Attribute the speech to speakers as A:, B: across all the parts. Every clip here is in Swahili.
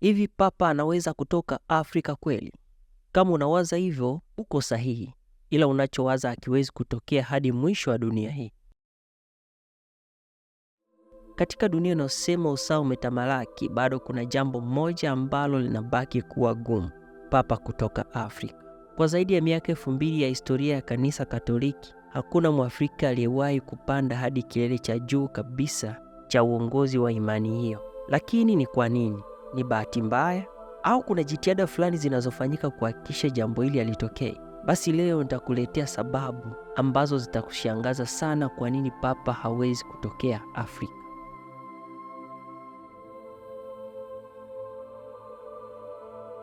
A: Hivi papa anaweza kutoka Afrika kweli? Kama unawaza hivyo, uko sahihi, ila unachowaza hakiwezi kutokea hadi mwisho wa dunia hii. Katika dunia inayosema usawa umetamalaki, bado kuna jambo moja ambalo linabaki kuwa gumu: papa kutoka Afrika. Kwa zaidi ya miaka elfu mbili ya historia ya kanisa Katoliki, hakuna Mwafrika aliyewahi kupanda hadi kilele cha juu kabisa cha uongozi wa imani hiyo. Lakini ni kwa nini? ni bahati mbaya au kuna jitihada fulani zinazofanyika kuhakikisha jambo hili halitokei, basi leo nitakuletea sababu ambazo zitakushangaza sana kwa nini papa hawezi kutokea Afrika.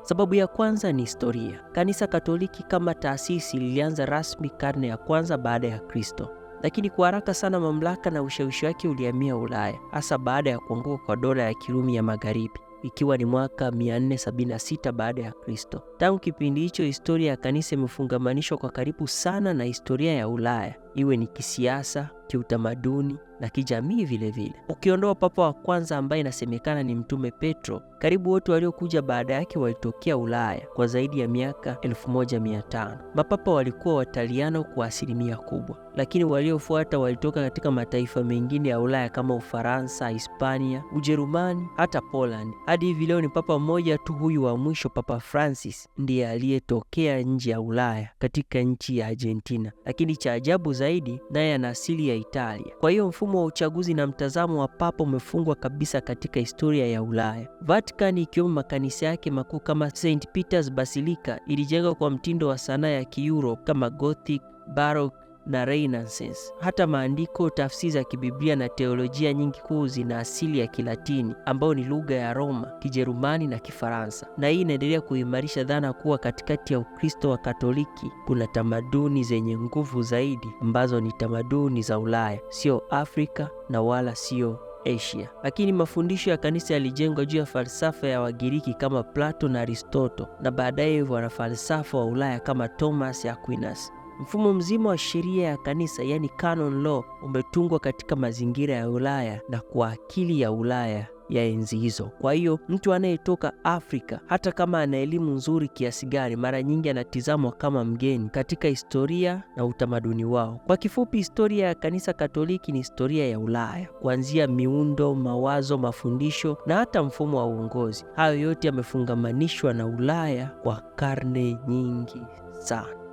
A: Sababu ya kwanza ni historia. Kanisa Katoliki kama taasisi lilianza rasmi karne ya kwanza baada ya Kristo, lakini kwa haraka sana mamlaka na ushawishi wake ulihamia Ulaya, hasa baada ya kuanguka kwa dola ya Kirumi ya Magharibi ikiwa ni mwaka 476 baada ya Kristo. Tangu kipindi hicho, historia ya kanisa imefungamanishwa kwa karibu sana na historia ya Ulaya iwe ni kisiasa, kiutamaduni na kijamii vile vile. Ukiondoa papa wa kwanza ambaye inasemekana ni Mtume Petro, karibu wote waliokuja baada yake walitokea Ulaya kwa zaidi ya miaka 1500. Mapapa walikuwa Wataliano kwa asilimia kubwa, lakini waliofuata walitoka katika mataifa mengine ya Ulaya kama Ufaransa, Hispania, Ujerumani, hata Poland. Hadi hivi leo ni papa mmoja tu, huyu wa mwisho, Papa Francis, ndiye aliyetokea nje ya Ulaya katika nchi ya Argentina. Lakini cha ajabu zaidi zaidi, naye ana asili ya Italia. Kwa hiyo mfumo wa uchaguzi na mtazamo wa papa umefungwa kabisa katika historia ya Ulaya. Vatican, ikiwemo makanisa yake makuu kama St Peter's Basilica, ilijengwa kwa mtindo wa sanaa ya kiuro kama Gothic, Baroque na Renaissance. Hata maandiko, tafsiri za kibiblia na teolojia nyingi kuu zina asili ya Kilatini ambayo ni lugha ya Roma, Kijerumani na Kifaransa, na hii inaendelea kuimarisha dhana kuwa katikati ya Ukristo wa Katoliki kuna tamaduni zenye nguvu zaidi ambazo ni tamaduni za Ulaya, sio Afrika na wala sio Asia. Lakini mafundisho ya kanisa yalijengwa juu ya falsafa ya Wagiriki kama Plato na Aristotle na baadaye wanafalsafa wa Ulaya kama Thomas Aquinas. Mfumo mzima wa sheria ya kanisa yani canon law umetungwa katika mazingira ya Ulaya na kwa akili ya Ulaya ya enzi hizo. Kwa hiyo mtu anayetoka Afrika, hata kama ana elimu nzuri kiasi gani, mara nyingi anatizamwa kama mgeni katika historia na utamaduni wao. Kwa kifupi, historia ya kanisa Katoliki ni historia ya Ulaya, kuanzia miundo, mawazo, mafundisho na hata mfumo wa uongozi. Hayo yote yamefungamanishwa na Ulaya kwa karne nyingi sana.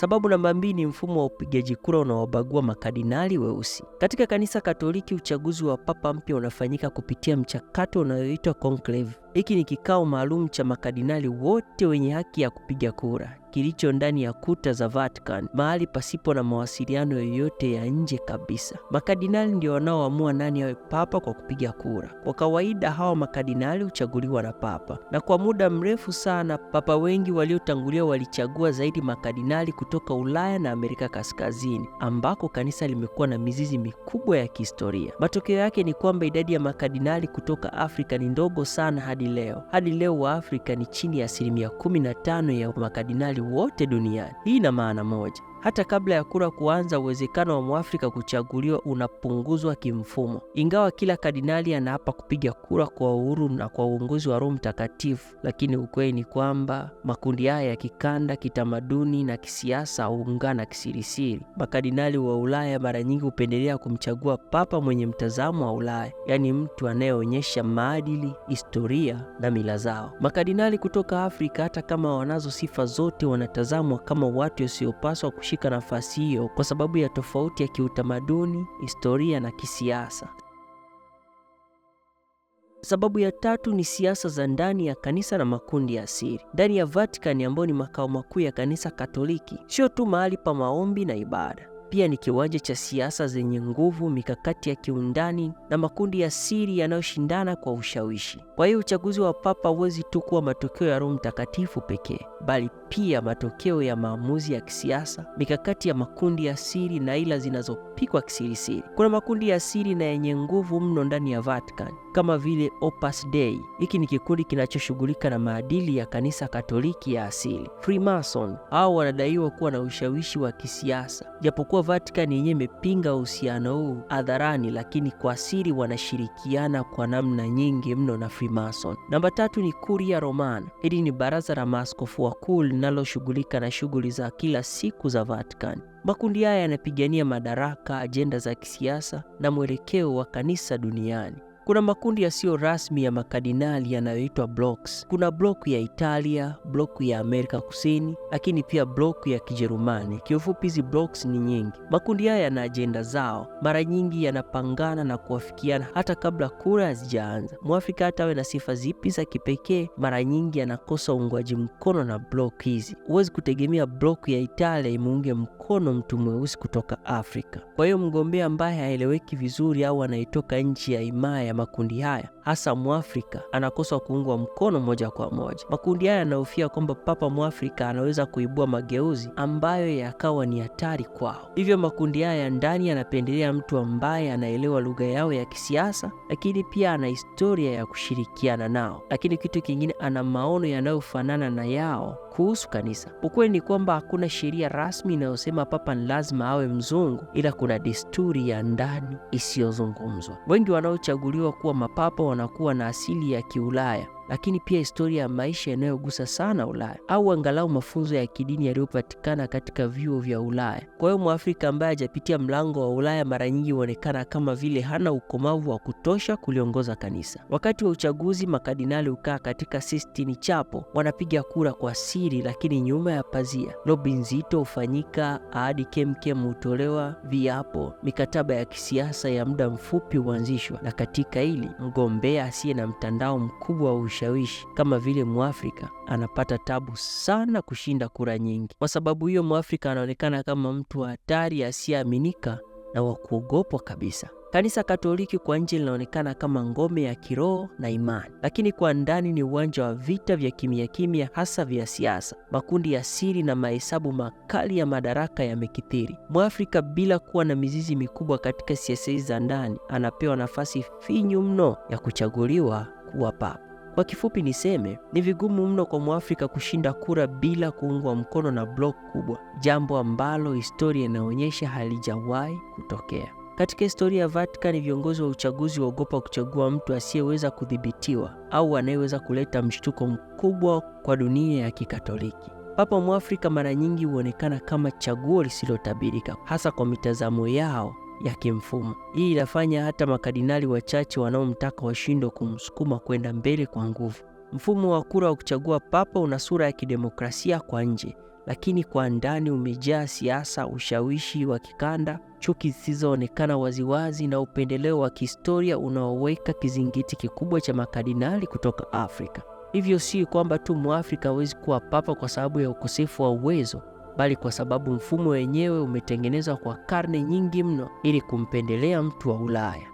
A: Sababu namba mbili ni mfumo wa upigaji kura unaowabagua makadinali weusi. Katika kanisa Katoliki, uchaguzi wa papa mpya unafanyika kupitia mchakato unaoitwa conclave. Hiki ni kikao maalum cha makadinali wote wenye haki ya kupiga kura kilicho ndani ya kuta za Vatican, mahali pasipo na mawasiliano yoyote ya nje kabisa. Makadinali ndio wanaoamua nani awe papa kwa kupiga kura. Kwa kawaida, hawa makadinali huchaguliwa na papa, na kwa muda mrefu sana papa wengi waliotangulia walichagua zaidi makadinali kutoka Ulaya na Amerika Kaskazini, ambako kanisa limekuwa na mizizi mikubwa ya kihistoria. Matokeo yake ni kwamba idadi ya makadinali kutoka Afrika ni ndogo sana hadi hadi leo. Hadi leo Waafrika ni chini ya asilimia 15 ya makadinali wote duniani. Hii ina maana moja hata kabla ya kura kuanza, uwezekano wa mwafrika kuchaguliwa unapunguzwa kimfumo. Ingawa kila kardinali anaapa kupiga kura kwa uhuru na kwa uongozi wa Roho Mtakatifu, lakini ukweli ni kwamba makundi haya ya kikanda, kitamaduni na kisiasa huungana kisirisiri. Makardinali wa Ulaya mara nyingi hupendelea kumchagua papa mwenye mtazamo wa Ulaya, yaani mtu anayeonyesha maadili, historia na mila zao. Makardinali kutoka Afrika, hata kama wanazo sifa zote, wanatazamwa kama watu wasiopaswa kushika nafasi hiyo kwa sababu ya tofauti ya kiutamaduni, historia na kisiasa. Sababu ya tatu ni siasa za ndani ya kanisa na makundi ya siri ndani ya Vatican, ambayo ni makao makuu ya kanisa Katoliki, sio tu mahali pa maombi na ibada pia ni kiwanja cha siasa zenye nguvu, mikakati ya kiundani na makundi ya siri yanayoshindana kwa ushawishi. Kwa hiyo uchaguzi wa papa hauwezi tu kuwa matokeo ya Roho Mtakatifu pekee, bali pia matokeo ya maamuzi ya kisiasa, mikakati ya makundi ya siri na ila zinazopikwa kisirisiri. Kuna makundi ya siri na yenye nguvu mno ndani ya Vatican kama vile Opus Dei. Hiki ni kikundi kinachoshughulika na maadili ya kanisa Katoliki ya asili. Freemason hao wanadaiwa kuwa na ushawishi wa kisiasa japokuwa kuwa Vatican yenyewe imepinga uhusiano huu hadharani, lakini kwa siri wanashirikiana kwa namna nyingi mno na Freemason. Namba tatu ni Kuria Romana. Hili ni baraza la maaskofu wakuu linaloshughulika na shughuli za kila siku za Vatican. Makundi haya yanapigania madaraka, ajenda za kisiasa na mwelekeo wa kanisa duniani. Kuna makundi yasiyo rasmi ya makadinali yanayoitwa blocks. Kuna block ya Italia, block ya Amerika Kusini, lakini pia block ya Kijerumani. Kiufupi, hizi blocks ni nyingi. Makundi haya yana ajenda zao, mara nyingi yanapangana na kuafikiana hata kabla kura hazijaanza. Mwafrika hata awe na sifa zipi za kipekee, mara nyingi anakosa uungwaji mkono na block hizi. Huwezi kutegemea block ya Italia imeunge mkono mtu mweusi kutoka Afrika. Kwa hiyo mgombea ambaye haeleweki vizuri au anaitoka nchi ya himaya makundi haya, hasa Mwafrika anakosa kuungwa mkono moja kwa moja. Makundi haya yanahofia kwamba Papa Mwafrika anaweza kuibua mageuzi ambayo yakawa ni hatari kwao. Hivyo makundi haya ya ndani yanapendelea mtu ambaye anaelewa lugha yao ya kisiasa, lakini pia ana historia ya kushirikiana nao, lakini kitu kingine, ana maono yanayofanana na yao kuhusu kanisa. Ukweli ni kwamba hakuna sheria rasmi inayosema papa ni lazima awe mzungu, ila kuna desturi ya ndani isiyozungumzwa. Wengi wanaochaguliwa kuwa mapapa wanakuwa na asili ya Kiulaya lakini pia historia ya maisha yanayogusa sana Ulaya au angalau mafunzo ya kidini yaliyopatikana katika vyuo vya Ulaya. Kwa hiyo Mwafrika ambaye hajapitia mlango wa Ulaya mara nyingi huonekana kama vile hana ukomavu wa kutosha kuliongoza kanisa. Wakati wa uchaguzi, makardinali hukaa katika Sistine Chapel, wanapiga kura kwa siri, lakini nyuma ya pazia. Lobi nzito hufanyika, ahadi kemkem hutolewa, viapo, mikataba ya kisiasa ya muda mfupi huanzishwa, na katika hili mgombea asiye na mtandao mkubwa wa ushawishi, kama vile Mwafrika anapata tabu sana kushinda kura nyingi. Kwa sababu hiyo, Mwafrika anaonekana kama mtu wa hatari, asiyeaminika na wa kuogopwa kabisa. Kanisa Katoliki kwa nje linaonekana kama ngome ya kiroho na imani, lakini kwa ndani ni uwanja wa vita vya kimya kimya, hasa vya siasa. Makundi ya siri na mahesabu makali ya madaraka yamekithiri. Mwafrika bila kuwa na mizizi mikubwa katika siasa hizi za ndani, anapewa nafasi finyu mno ya kuchaguliwa kuwa papa. Kwa kifupi niseme, ni vigumu mno kwa Mwafrika kushinda kura bila kuungwa mkono na blok kubwa, jambo ambalo historia inaonyesha halijawahi kutokea. Katika historia ya Vatican, viongozi wa uchaguzi waogopa kuchagua mtu asiyeweza kudhibitiwa au anayeweza kuleta mshtuko mkubwa kwa dunia ya Kikatoliki. Papa Mwafrika mara nyingi huonekana kama chaguo lisilotabirika, hasa kwa mitazamo yao ya kimfumo. Hii inafanya hata makadinali wachache wanaomtaka washindwe kumsukuma kwenda mbele kwa nguvu. Mfumo wa kura wa kuchagua papa una sura ya kidemokrasia kwa nje, lakini kwa ndani umejaa siasa, ushawishi wa kikanda, chuki zisizoonekana waziwazi na upendeleo wa kihistoria unaoweka kizingiti kikubwa cha makadinali kutoka Afrika. Hivyo si kwamba tu Mwafrika hawezi kuwa papa kwa sababu ya ukosefu wa uwezo, bali kwa sababu mfumo wenyewe umetengenezwa kwa karne nyingi mno ili kumpendelea mtu wa Ulaya.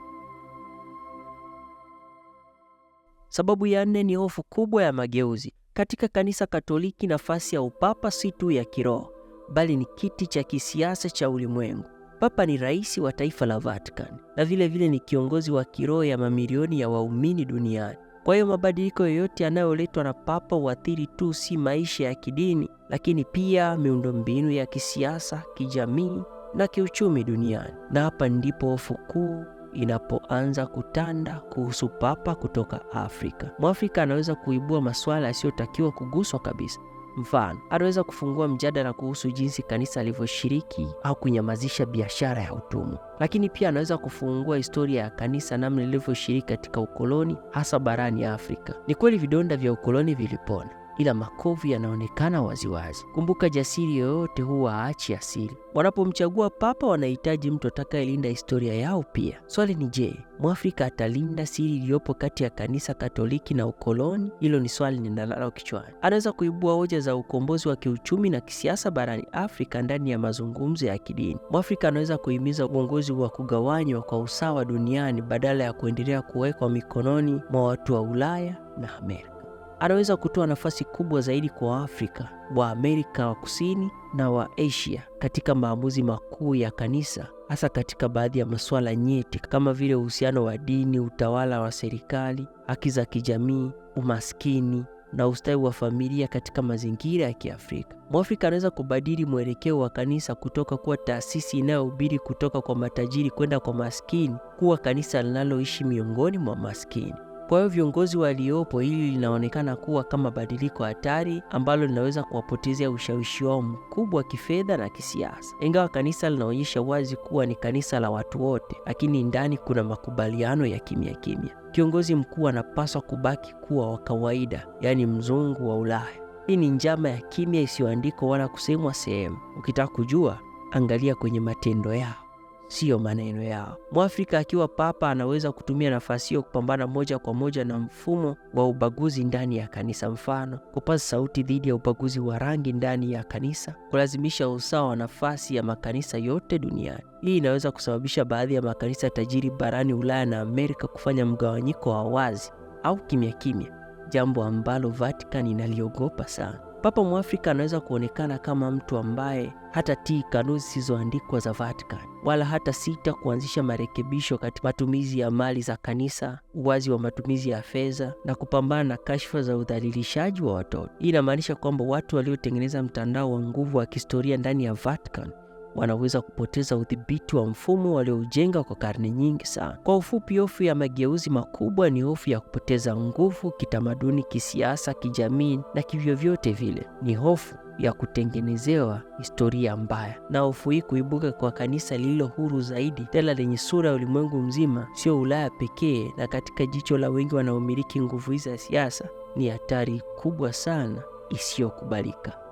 A: Sababu ya nne ni hofu kubwa ya mageuzi. Katika kanisa Katoliki, nafasi ya upapa si tu ya kiroho, bali ni kiti cha kisiasa cha ulimwengu. Papa ni rais wa taifa la Vatican na vilevile vile ni kiongozi wa kiroho ya mamilioni ya waumini duniani. Kwa hiyo mabadiliko yoyote yanayoletwa na Papa huathiri tu si maisha ya kidini, lakini pia miundombinu ya kisiasa, kijamii na kiuchumi duniani. Na hapa ndipo hofu kuu inapoanza kutanda kuhusu Papa kutoka Afrika. Mwafrika anaweza kuibua masuala yasiyotakiwa kuguswa kabisa Mfano, anaweza kufungua mjadala kuhusu jinsi kanisa alivyoshiriki au kunyamazisha biashara ya utumwa, lakini pia anaweza kufungua historia ya kanisa, namna lilivyoshiriki katika ukoloni, hasa barani Afrika. Ni kweli vidonda vya ukoloni vilipona ila makovu yanaonekana waziwazi. Kumbuka, jasiri yoyote huwa aachi asili. Wanapomchagua papa, wanahitaji mtu atakayelinda historia yao pia. Swali ni je, mwafrika atalinda siri iliyopo kati ya kanisa Katoliki na ukoloni? Hilo ni swali linalalo kichwani. Anaweza kuibua hoja za ukombozi wa kiuchumi na kisiasa barani Afrika ndani ya mazungumzo ya kidini. Mwafrika anaweza kuhimiza uongozi wa kugawanywa kwa usawa duniani badala ya kuendelea kuwekwa mikononi mwa watu wa Ulaya na Amerika anaweza kutoa nafasi kubwa zaidi kwa Waafrika, amerika wa Kusini na wa Asia katika maamuzi makuu ya kanisa, hasa katika baadhi ya masuala nyeti kama vile uhusiano wa dini, utawala wa serikali, haki za kijamii, umaskini na ustawi wa familia katika mazingira ya Kiafrika. Mwafrika anaweza kubadili mwelekeo wa kanisa kutoka kuwa taasisi inayohubiri kutoka kwa matajiri kwenda kwa maskini kuwa kanisa linaloishi miongoni mwa maskini. Kwa hiyo viongozi waliopo, hili linaonekana kuwa kama badiliko hatari ambalo linaweza kuwapotezea ushawishi wao mkubwa kifedha na kisiasa. Ingawa kanisa linaonyesha wazi kuwa ni kanisa la watu wote, lakini ndani kuna makubaliano ya kimya kimya. Kiongozi mkuu anapaswa kubaki kuwa wa kawaida, yaani mzungu wa Ulaya. Hii ni njama ya kimya isiyoandikwa wala kusemwa sehemu. Ukitaka kujua, angalia kwenye matendo yao siyo maneno yao. Mwafrika akiwa papa anaweza kutumia nafasi hiyo kupambana moja kwa moja na mfumo wa ubaguzi ndani ya kanisa, mfano kupaza sauti dhidi ya ubaguzi wa rangi ndani ya kanisa, kulazimisha usawa wa nafasi ya makanisa yote duniani. Hii inaweza kusababisha baadhi ya makanisa tajiri barani Ulaya na Amerika kufanya mgawanyiko wa wazi au kimya kimya, jambo ambalo Vatican inaliogopa sana. Papa Mwafrika anaweza kuonekana kama mtu ambaye hata ti kanuni zisizoandikwa za Vatican wala hata sita kuanzisha marekebisho katika matumizi ya mali za kanisa, uwazi wa matumizi ya fedha na kupambana na kashfa za udhalilishaji wa watoto. Hii inamaanisha kwamba watu waliotengeneza mtandao wa nguvu wa kihistoria ndani ya Vatican wanaweza kupoteza udhibiti wa mfumo walioujenga kwa karne nyingi sana. Kwa ufupi, hofu ya mageuzi makubwa ni hofu ya kupoteza nguvu kitamaduni, kisiasa, kijamii na kivyovyote vile. Ni hofu ya kutengenezewa historia mbaya. Na hofu hii kuibuka kwa kanisa lililo huru zaidi, tena lenye sura ya ulimwengu mzima, sio Ulaya pekee, na katika jicho la wengi wanaomiliki nguvu hizi za siasa, ni hatari kubwa sana isiyokubalika.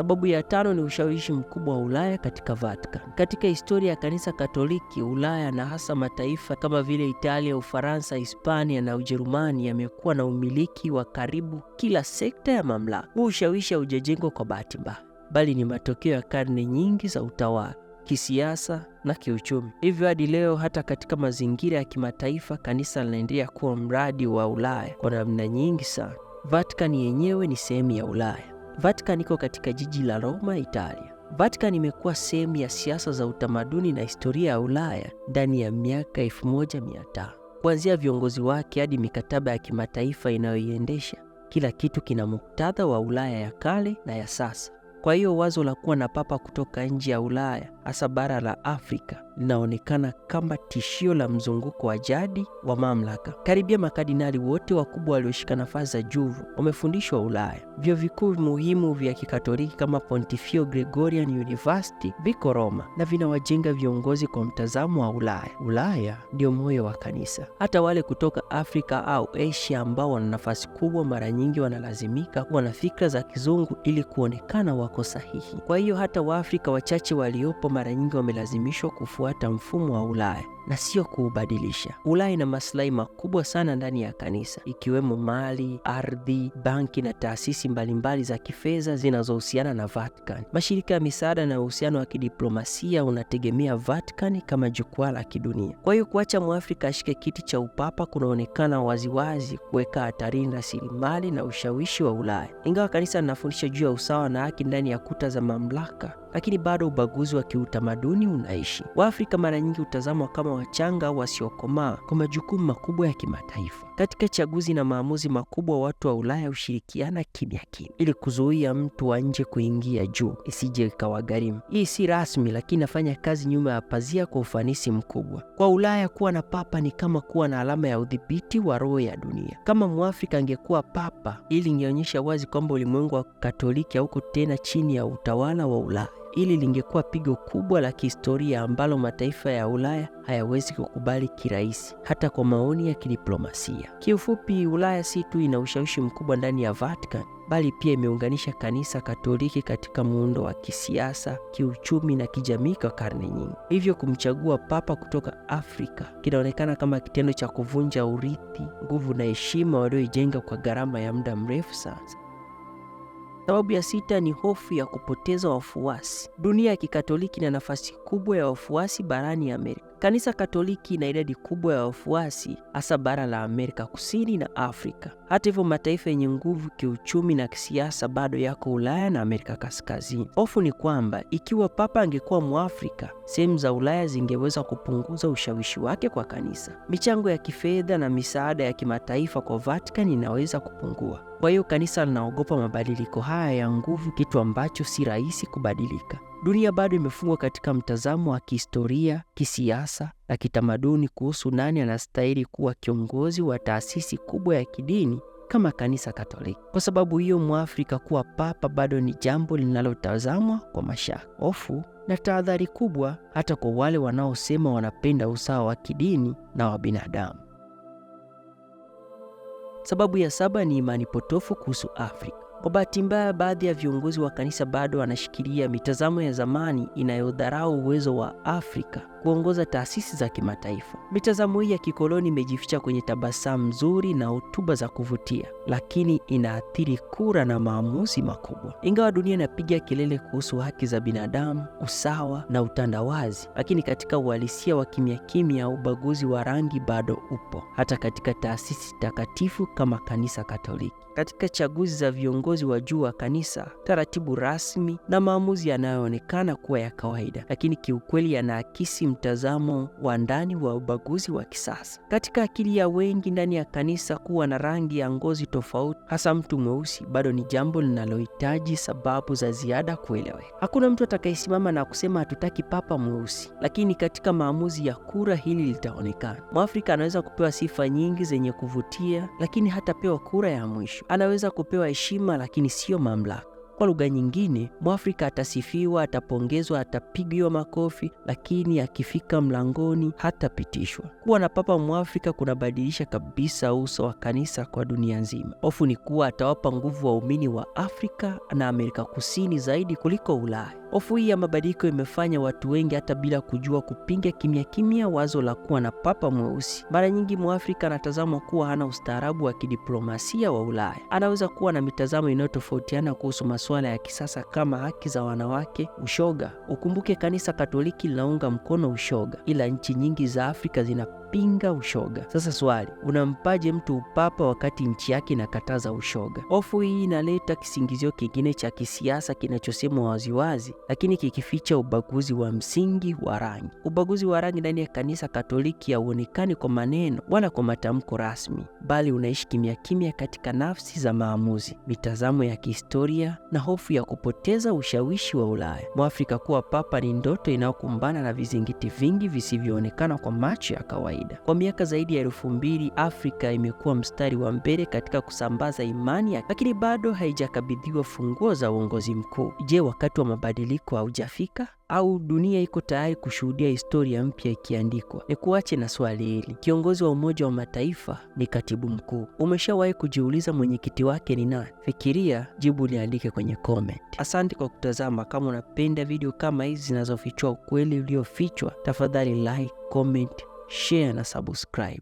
A: Sababu ya tano ni ushawishi mkubwa wa Ulaya katika Vatican. Katika historia ya kanisa Katoliki Ulaya na hasa mataifa kama vile Italia, Ufaransa, Hispania na Ujerumani yamekuwa na umiliki wa karibu kila sekta ya mamlaka. Huu ushawishi haujajengwa kwa bahati mbaya, bali ni matokeo ya karne nyingi za utawala kisiasa na kiuchumi. Hivyo hadi leo, hata katika mazingira ya kimataifa, kanisa linaendelea kuwa mradi wa Ulaya kwa namna nyingi sana. Vatican yenyewe ni sehemu ya Ulaya. Vatican iko katika jiji la Roma, Italia. Vatican imekuwa sehemu ya siasa za utamaduni na historia ya Ulaya ndani ya miaka 1500. Kuanzia viongozi wake hadi mikataba ya kimataifa inayoiendesha, kila kitu kina muktadha wa Ulaya ya kale na ya sasa. Kwa hiyo wazo la kuwa na papa kutoka nje ya Ulaya, hasa bara la Afrika, linaonekana kama tishio la mzunguko wa jadi wa mamlaka. Karibia makardinali wote wakubwa walioshika nafasi za juu wamefundishwa Ulaya. Vyuo vikuu muhimu vya Kikatoliki kama Pontifio Gregorian University viko Roma na vinawajenga viongozi kwa mtazamo wa Ulaya. Ulaya ndio moyo wa kanisa. Hata wale kutoka Afrika au Asia ambao wana nafasi kubwa, mara nyingi wanalazimika kuwa na fikra za kizungu ili kuonekana wako sahihi. Kwa hiyo hata Waafrika wachache waliopo mara nyingi wamelazimishwa kufuata kufuata mfumo wa Ulaya na sio kuubadilisha. Ulaya ina maslahi makubwa sana ndani ya kanisa, ikiwemo mali, ardhi, banki na taasisi mbalimbali za kifedha zinazohusiana na Vatican. Mashirika ya misaada na uhusiano wa kidiplomasia unategemea Vatican kama jukwaa la kidunia. Kwa hiyo kuacha Mwafrika ashike kiti cha upapa kunaonekana waziwazi kuweka hatarini rasilimali na ushawishi wa Ulaya. Ingawa kanisa linafundisha juu ya usawa na haki ndani ya kuta za mamlaka, lakini bado ubaguzi wa kiutamaduni unaishi. Waafrika mara nyingi hutazamwa kama wachanga wasiokomaa kwa majukumu makubwa ya kimataifa. Katika chaguzi na maamuzi makubwa, watu wa Ulaya hushirikiana kimya kimya ili kuzuia mtu wa nje kuingia juu isije ikawagharimu. Hii si rasmi, lakini inafanya kazi nyuma ya pazia kwa ufanisi mkubwa. Kwa Ulaya, kuwa na papa ni kama kuwa na alama ya udhibiti wa roho ya dunia. Kama Mwafrika angekuwa papa, ili ingeonyesha wazi kwamba ulimwengu wa Katoliki hauko tena chini ya utawala wa Ulaya. Hili lingekuwa pigo kubwa la kihistoria ambalo mataifa ya Ulaya hayawezi kukubali kirahisi, hata kwa maoni ya kidiplomasia. Kiufupi, Ulaya si tu ina ushawishi mkubwa ndani ya Vatican bali pia imeunganisha kanisa Katoliki katika muundo wa kisiasa, kiuchumi na kijamii kwa karne nyingi. Hivyo kumchagua papa kutoka Afrika kinaonekana kama kitendo cha kuvunja urithi, nguvu na heshima walioijenga kwa gharama ya muda mrefu sasa. Sababu ya sita ni hofu ya kupoteza wafuasi. Dunia ya Kikatoliki ina nafasi kubwa ya wafuasi barani Amerika. Kanisa Katoliki ina idadi kubwa ya wafuasi hasa bara la Amerika Kusini na Afrika. Hata hivyo, mataifa yenye nguvu kiuchumi na kisiasa bado yako Ulaya na Amerika Kaskazini. Hofu ni kwamba ikiwa Papa angekuwa Mwafrika, sehemu za Ulaya zingeweza kupunguza ushawishi wake kwa kanisa. Michango ya kifedha na misaada ya kimataifa kwa Vatican inaweza kupungua. Kwa hiyo kanisa linaogopa mabadiliko haya ya nguvu, kitu ambacho si rahisi kubadilika. Dunia bado imefungwa katika mtazamo wa kihistoria, kisiasa na kitamaduni kuhusu nani anastahili kuwa kiongozi wa taasisi kubwa ya kidini kama kanisa Katoliki. Kwa sababu hiyo, Mwafrika kuwa papa bado ni jambo linalotazamwa kwa mashaka, hofu na tahadhari kubwa, hata kwa wale wanaosema wanapenda usawa wa kidini na wa binadamu. Sababu ya saba ni imani potofu kuhusu Afrika. Kwa bahati mbaya, baadhi ya viongozi wa kanisa bado wanashikilia mitazamo ya zamani inayodharau uwezo wa Afrika kuongoza taasisi za kimataifa. Mitazamo hii ya kikoloni imejificha kwenye tabasamu nzuri na hotuba za kuvutia, lakini inaathiri kura na maamuzi makubwa. Ingawa dunia inapiga kelele kuhusu haki za binadamu, usawa na utandawazi, lakini katika uhalisia wa kimya kimya, ubaguzi wa rangi bado upo, hata katika taasisi takatifu kama kanisa Katoliki. Katika chaguzi za viongozi viongozi wa juu wa kanisa, taratibu rasmi na maamuzi yanayoonekana kuwa ya kawaida, lakini kiukweli yanaakisi mtazamo wa ndani wa ubaguzi wa kisasa. Katika akili ya wengi ndani ya kanisa, kuwa na rangi ya ngozi tofauti, hasa mtu mweusi, bado ni jambo linalohitaji sababu za ziada kueleweka. Hakuna mtu atakayesimama na kusema hatutaki papa mweusi, lakini katika maamuzi ya kura hili litaonekana. Mwafrika anaweza kupewa sifa nyingi zenye kuvutia, lakini hatapewa kura ya mwisho. Anaweza kupewa heshima lakini sio mamlaka. Kwa lugha nyingine, Mwafrika atasifiwa, atapongezwa, atapigiwa makofi, lakini akifika mlangoni hatapitishwa. Kuwa na Papa Mwafrika kunabadilisha kabisa uso wa kanisa kwa dunia nzima. Hofu ni kuwa atawapa nguvu waumini wa Afrika na Amerika Kusini zaidi kuliko Ulaya. Hofu hii ya mabadiliko imefanya watu wengi hata bila kujua kupinga kimya kimya wazo la kuwa na papa mweusi. Mara nyingi Mwafrika anatazamwa kuwa hana ustaarabu wa kidiplomasia wa Ulaya. Anaweza kuwa na mitazamo inayotofautiana kuhusu masuala ya kisasa kama haki za wanawake, ushoga. Ukumbuke kanisa Katoliki linaunga mkono ushoga, ila nchi nyingi za Afrika zinapinga ushoga. Sasa swali, unampaje mtu upapa wakati nchi yake inakataza ushoga? Hofu hii inaleta kisingizio kingine cha kisiasa kinachosemwa waziwazi lakini kikificha ubaguzi wa msingi wa rangi. Ubaguzi wa rangi ndani ya kanisa Katoliki hauonekani kwa maneno wala kwa matamko rasmi, bali unaishi kimya kimya katika nafsi za maamuzi, mitazamo ya kihistoria na hofu ya kupoteza ushawishi wa Ulaya. Mwafrika kuwa papa ni ndoto inayokumbana na vizingiti vingi visivyoonekana kwa macho ya kawaida. Kwa miaka zaidi ya elfu mbili Afrika imekuwa mstari wa mbele katika kusambaza imani, lakini bado haijakabidhiwa funguo za uongozi mkuu. Je, wakati wa mabadiliko ulioandikwa haujafika au dunia iko tayari kushuhudia historia mpya ikiandikwa? Ni kuache na swali hili. Kiongozi wa Umoja wa Mataifa ni katibu mkuu. Umeshawahi kujiuliza mwenyekiti wake ni nani? Fikiria jibu, liandike kwenye comment. Asante kwa kutazama. Kama unapenda video kama hizi zinazofichua ukweli uliofichwa, tafadhali like, comment, share na subscribe.